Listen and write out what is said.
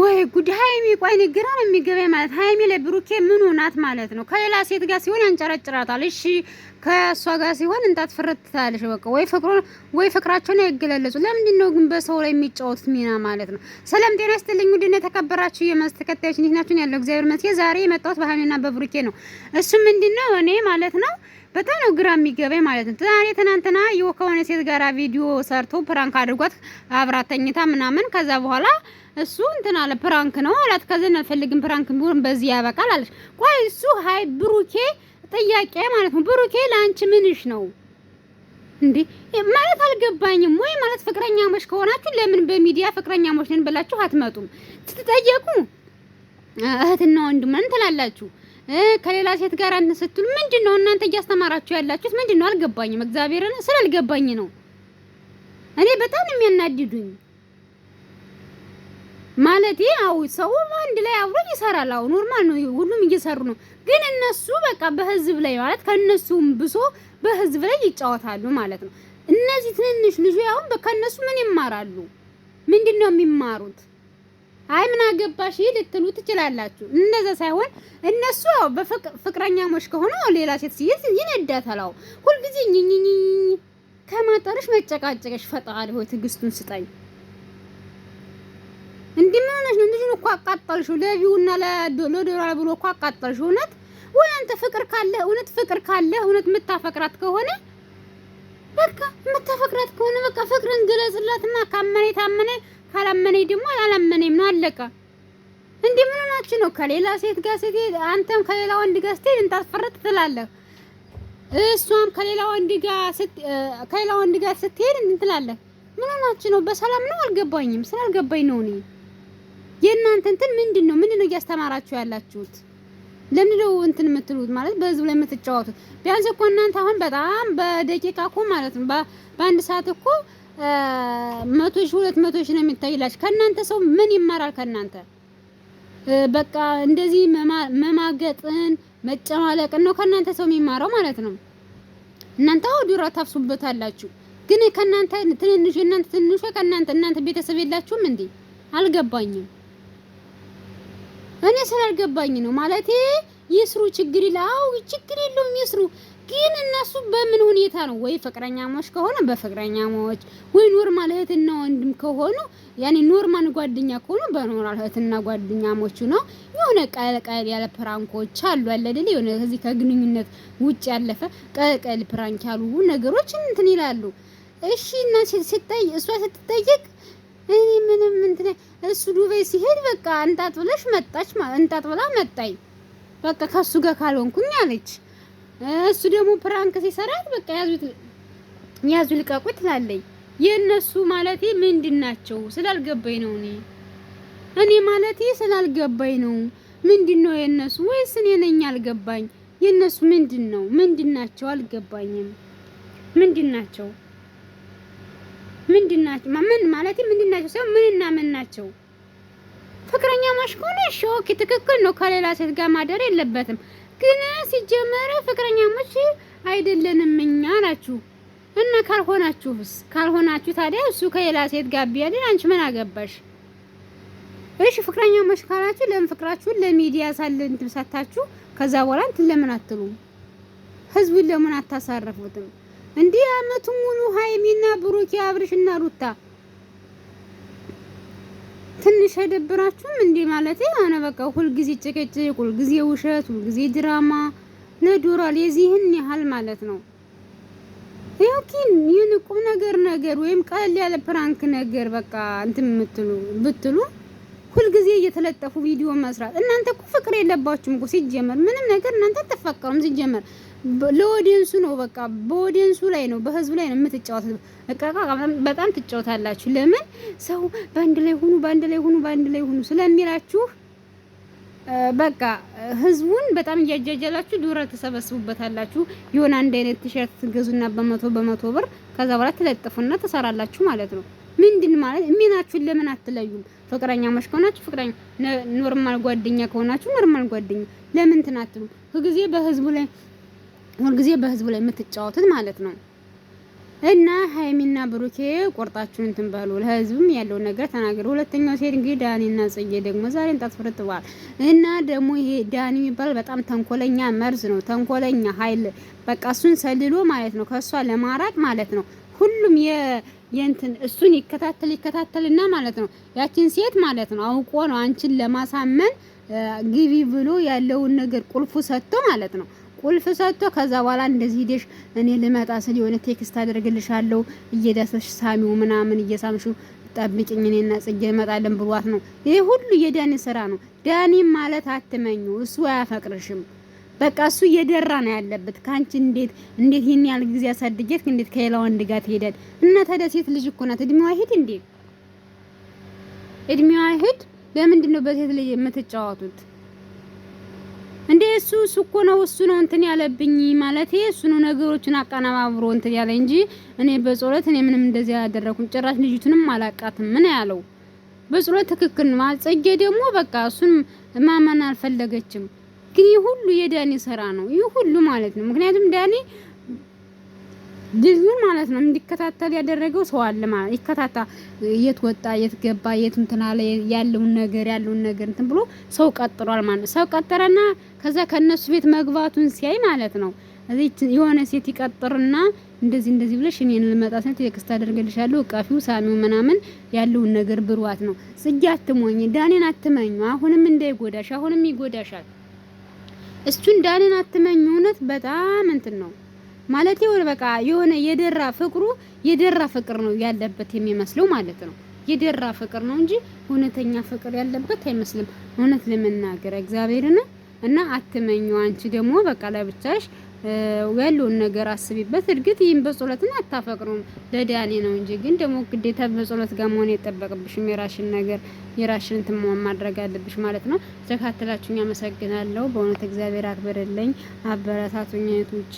ወይ ጉድ ሀይሚ ቆይ እኔ ግራ ነው የሚገባኝ ማለት ሀይሚ ለብሩኬ ምን ሆናት ማለት ነው ከሌላ ሴት ጋር ሲሆን ያንጨረጭራታል እሺ ከእሷ ጋር ሲሆን እንጣት ፍርት ትላለች በቃ ወይ ፍቅሩን ወይ ፍቅራቸውን አይገላለጹ ለምንድን ነው ግን በሰው ላይ የሚጫወቱት ሚና ማለት ነው ሰላም ጤና ይስጥልኝ ውድና የተከበራችሁ የመስክ ተከታዮች እንዴት ናችሁን ያለው እግዚአብሔር ይመስገን ዛሬ የመጣሁት በሀይሚና በብሩኬ ነው እሱ ምንድን ነው እኔ ማለት ነው በጣም ነው ግራ የሚገባኝ ማለት ነው። ዛሬ ትናንትና ይኸው ከሆነ ሴት ጋራ ቪዲዮ ሰርቶ ፕራንክ አድርጓት አብራተኝታ ምናምን ከዛ በኋላ እሱ እንትን አለ ፕራንክ ነው አላት። ከዘን አልፈልግም ፕራንክ ቢሆን በዚህ ያበቃል አለች። ቆይ እሱ ሀይ ብሩኬ ጥያቄ ማለት ነው። ብሩኬ ለአንቺ ምንሽ ነው እንዴ ማለት አልገባኝም። ወይ ማለት ፍቅረኛ ፍቅረኛሞች ከሆናችሁ ለምን በሚዲያ ፍቅረኛ ፍቅረኛሞች ነን ብላችሁ አትመጡም? ስትጠየቁ እህትና ወንድም ነን ትላላችሁ። ከሌላ ሴት ጋር ስትሉ ምንድን ነው እናንተ እያስተማራችሁ ያላችሁት ምንድን ነው? አልገባኝም። እግዚአብሔርን ስላልገባኝ ነው። እኔ በጣም የሚያናድዱኝ ማለት አው ሰው አንድ ላይ አብሮ ይሰራል። አው ኖርማል ነው፣ ሁሉም እየሰሩ ነው። ግን እነሱ በቃ በህዝብ ላይ ማለት ከነሱም ብሶ በህዝብ ላይ ይጫወታሉ ማለት ነው። እነዚህ ትንንሽ ልጆች አሁን ከነሱ ምን ይማራሉ? ምንድን ነው የሚማሩት? አይ ምን አገባሽ ልትሉ ትችላላችሁ። እነዛ ሳይሆን እነሱ ፍቅረኛሞች ከሆነ ሌላ ሴት ሲይዝ ይነዳታል። አዎ ሁልጊዜ ኝኝኝ ከማጠርሽ መጨቃጨቅሽ፣ ፈጣሪ ሆይ ትዕግስቱን ስጠኝ። እንዲህ ምን ሆነሽ ነው? ልጁን እኮ አቃጠልሽው። ለቪውና ለዶላር ብሎ እኮ አቃጠልሽው። እውነት ወይ አንተ ፍቅር ካለ እውነት ፍቅር ካለ እውነት የምታፈቅራት ከሆነ በቃ የምታፈቅራት ከሆነ በቃ ፍቅርን ግለጽላትና ካመኔ ታመኔ ካላመነኝ ደግሞ አላመነኝ ነው አለቀ። እንዴ ምን ሆናችሁ ነው? ከሌላ ሴት ጋር ስትሄድ አንተም ከሌላ ወንድ ጋር ስትሄድ እንታስፈረጥ ትላለህ፣ እሷም ከሌላ ወንድ ጋር ስት ከሌላ ወንድ ጋር ስትሄድ እንትላለህ። ምን ሆናችሁ ነው? በሰላም ነው አልገባኝም። ስላልገባኝ ነው እኔ የእናንተ እንትን ምንድን ነው? ምንድን ነው እያስተማራችሁ ያላችሁት? ለምን ነው እንትን የምትሉት ማለት በህዝብ ላይ የምትጫወቱት? ቢያንስ እኮ እናንተ አሁን በጣም በደቂቃ እኮ ማለት ነው በአንድ ሰዓት እኮ መቶ ሺህ ሁለት መቶ ሺህ ነው የሚታይላችሁ። ከእናንተ ሰው ምን ይማራል? ከእናንተ በቃ እንደዚህ መማገጥን መጨማለቅን ነው ከእናንተ ሰው የሚማረው ማለት ነው። እናንተ ዱራ ታፍሱበታላችሁ። ግን ከእናንተ ትንንሹ እናንተ ትንንሹ ከእናንተ እናንተ ቤተሰብ የላችሁም እንዴ? አልገባኝም። እኔ ስላልገባኝ ነው ማለቴ። ይስሩ ችግር ይላው ችግር የለውም ይስሩ ግን እነሱ በምን ሁኔታ ነው ወይ ፍቅረኛሞች ከሆነ በፍቅረኛሞች ወይ ኖርማል እህትና ወንድም ከሆኑ ያኔ ኖርማል ጓደኛ ከሆኑ በኖርማል እህትና ጓደኛሞቹ ነው። የሆነ ቀለል ቀለል ያለ ፕራንኮች አሉ አለ አይደል? የሆነ ከዚህ ከግንኙነት ውጭ ያለፈ ቀለል ቀለል ፕራንክ ያሉ ነገሮች እንትን ይላሉ። እሺ እና ሲጠይ እሷ ስትጠይቅ እኔ ምንም እንትን እሱ ዱቤ ሲሄድ በቃ እንጣጥ ብለሽ መጣች እንጣጥ ብላ መጣይ በቃ ከሱ ጋር ካልሆንኩኝ አለች። እሱ ደግሞ ፕራንክ ሲሰራት በቃ ያዙት ያዙ ልቀቁት ትላለኝ የእነሱ ማለቴ ምንድን ናቸው ስላልገባኝ ነው። እኔ እኔ ማለት ስላልገባኝ ነው። ምንድን ነው የእነሱ ወይስ እኔ ነኝ አልገባኝ? የእነሱ ምንድን ነው ምንድን ናቸው አልገባኝም። ምንድን ናቸው ምንድን ናቸው ምን ማለቴ ምንድን ናቸው ምንና ምን ናቸው ፍቅረኛ ማሽ ከሆነሽ ኦኬ ትክክል ነው። ከሌላ ሴት ጋር ማደር የለበትም። ግን ሲጀመረ ፍቅረኛ ማሽ አይደለንም እኛ ናችሁ እና ካልሆናችሁስ? ካልሆናችሁ ታዲያ እሱ ከሌላ ሴት ጋር ቢያድር አንቺ ምን አገባሽ? እሺ ፍቅረኛ ማሽ ካላችሁ ለምን ፍቅራችሁን ለሚዲያ ሳለን ትብሳታችሁ? ከዛ በኋላ እንትን ለምን አትሉም? ህዝቡን ለምን አታሳረፉትም? እንዲህ አመቱ ሙሉ ሀይሚና ብሩክ አብርሽና ሩታ ትንሽ አይደብራችሁም እንዴ? ማለት የሆነ በቃ ሁልጊዜ ጭቅጭቅ፣ ሁልጊዜ ውሸት፣ ሁልጊዜ ድራማ ነዱራል። የዚህን ያህል ማለት ነው። ያውኪን ይህን ቁም ነገር ነገር ወይም ቀለል ያለ ፕራንክ ነገር በቃ እንትን የምትሉ ብትሉ ሁልጊዜ እየተለጠፉ ቪዲዮ መስራት። እናንተ እኮ ፍቅር የለባችሁም እኮ ሲጀመር። ምንም ነገር እናንተ አትፈቀሩም ሲጀመር። ለኦዲየንሱ ነው በቃ፣ በኦዲየንሱ ላይ ነው፣ በህዝቡ ላይ ነው የምትጫወቱት። በጣም ትጫወታላችሁ። ለምን ሰው በአንድ ላይ ሁኑ፣ በአንድ ላይ ሁኑ፣ በአንድ ላይ ሁኑ ስለሚላችሁ በቃ ህዝቡን በጣም እያጃጃላችሁ ዶራ ተሰበስቡበታላችሁ። የሆነ አንድ አይነት ቲሸርት ትገዙና በመቶ በመቶ ብር ከዛ በኋላ ትለጥፉና ትሰራላችሁ ማለት ነው። ምንድን ማለት ሚናችሁን ለምን አትለዩም? ፍቅረኛ ማሽ ከሆናችሁ ፍቅረኛ፣ ኖርማል ጓደኛ ከሆናችሁ ኖርማል ጓደኛ ለምን ትናትሉ? ሁልጊዜ በህዝቡ ላይ ሁልጊዜ በህዝቡ ላይ የምትጫወቱት ማለት ነው። እና ሀይሚና ብሩኬ ቆርጣችሁን እንትን በሉ። ለህዝብም ያለው ነገር ተናገሩ። ሁለተኛው ሴት እንግዲህ ዳኒና ጽጌ ደግሞ ዛሬን ጣትፍርጥ ብለዋል። እና ደግሞ ይሄ ዳኒ የሚባል በጣም ተንኮለኛ መርዝ ነው። ተንኮለኛ ኃይል በቃ እሱን ሰልሎ ማለት ነው ከእሷ ለማራቅ ማለት ነው ሁሉም የእንትን እሱን ይከታተል ይከታተልና ማለት ነው ያችን ሴት ማለት ነው አውቆ ነው አንቺን ለማሳመን ግቢ ብሎ ያለውን ነገር ቁልፉ ሰጥቶ ማለት ነው ቁልፍ ሰጥቶ ከዛ በኋላ እንደዚህ ሂደሽ እኔ ልመጣ ስል የሆነ ቴክስት አደርግልሻለሁ እየዳሰሽ ሳሚው ምናምን እየሳምሽው ጠብቂኝ እኔና ጽጌ እመጣለን ብሏት ነው። ይሄ ሁሉ የዳኒ ስራ ነው። ዳኒ ማለት አትመኙ፣ እሱ አያፈቅርሽም። በቃ እሱ እየደራ ነው ያለበት። ከአንቺ እንዴት እንዴት ይህን ያህል ጊዜ ያሳድጀት እንዴት ከሌላ ወንድ ጋር ትሄዳል? እና ታዲያ ሴት ልጅ እኮ ናት። እድሜዋ ይሄድ እንዴ እድሜዋ ይሄድ። ለምንድን ነው በሴት ልጅ የምትጫወቱት? እንዴ እሱ እሱ እኮ ነው እሱ ነው እንትን ያለብኝ ማለት እሱ ነው ነገሮችን አቀነባብሮ እንትን ያለ እንጂ እኔ በጸሎት እኔ ምንም እንደዚህ አላደረኩም። ጭራሽ ልጅቱንም አላቃትም ምን ያለው በጸሎት ትክክል ነው። ጽጌ ደግሞ በቃ እሱን ማመን አልፈለገችም። ግን ይህ ሁሉ የዳኒ ስራ ነው። ይህ ሁሉ ማለት ነው። ምክንያቱም ዳኒ ልጁን ማለት ነው እንዲከታተል ያደረገው ሰው አለ ማለት ይከታታ የት ወጣ የት ገባ የት እንትን አለ ያለውን ነገር ያለውን ነገር እንትን ብሎ ሰው ቀጥሯል ማለት ነው። ሰው ቀጠረና ከዛ ከነሱ ቤት መግባቱን ሲያይ ማለት ነው የሆነ ሴት ይቀጥርና እንደዚህ እንደዚህ ብለሽ እኔን ልመጣ ስነት የክስት አደርግልሻለሁ እቃፊው ሳሚው ምናምን ያለውን ነገር ብሯት ነው። ጽጌ አትሞኝ፣ ዳኔን አትመኙ። አሁንም እንዳይጎዳሽ አሁንም ይጎዳሻል። እሱ እንዳለን አትመኝ። እውነት በጣም እንትን ነው ማለት ይወል በቃ የሆነ የደራ ፍቅሩ የደራ ፍቅር ነው ያለበት የሚመስለው ማለት ነው። የደራ ፍቅር ነው እንጂ እውነተኛ ፍቅር ያለበት አይመስልም። እውነት ለመናገር እግዚአብሔርን እና አትመኘው። አንቺ ደግሞ በቃ ለብቻሽ ያለውን ነገር አስቢበት። እርግጥ ይህን በጸሎትን አታፈቅሩም ለዳኔ ነው እንጂ ግን ደግሞ ግዴታ በጸሎት ጋር መሆን የጠበቅብሽም የራሽን ነገር የራሽን ትማም ማድረግ አለብሽ ማለት ነው። ተካትላችሁኝ አመሰግናለሁ። በእውነት እግዚአብሔር አክብርልኝ። አበረታቱኝ ቶቼ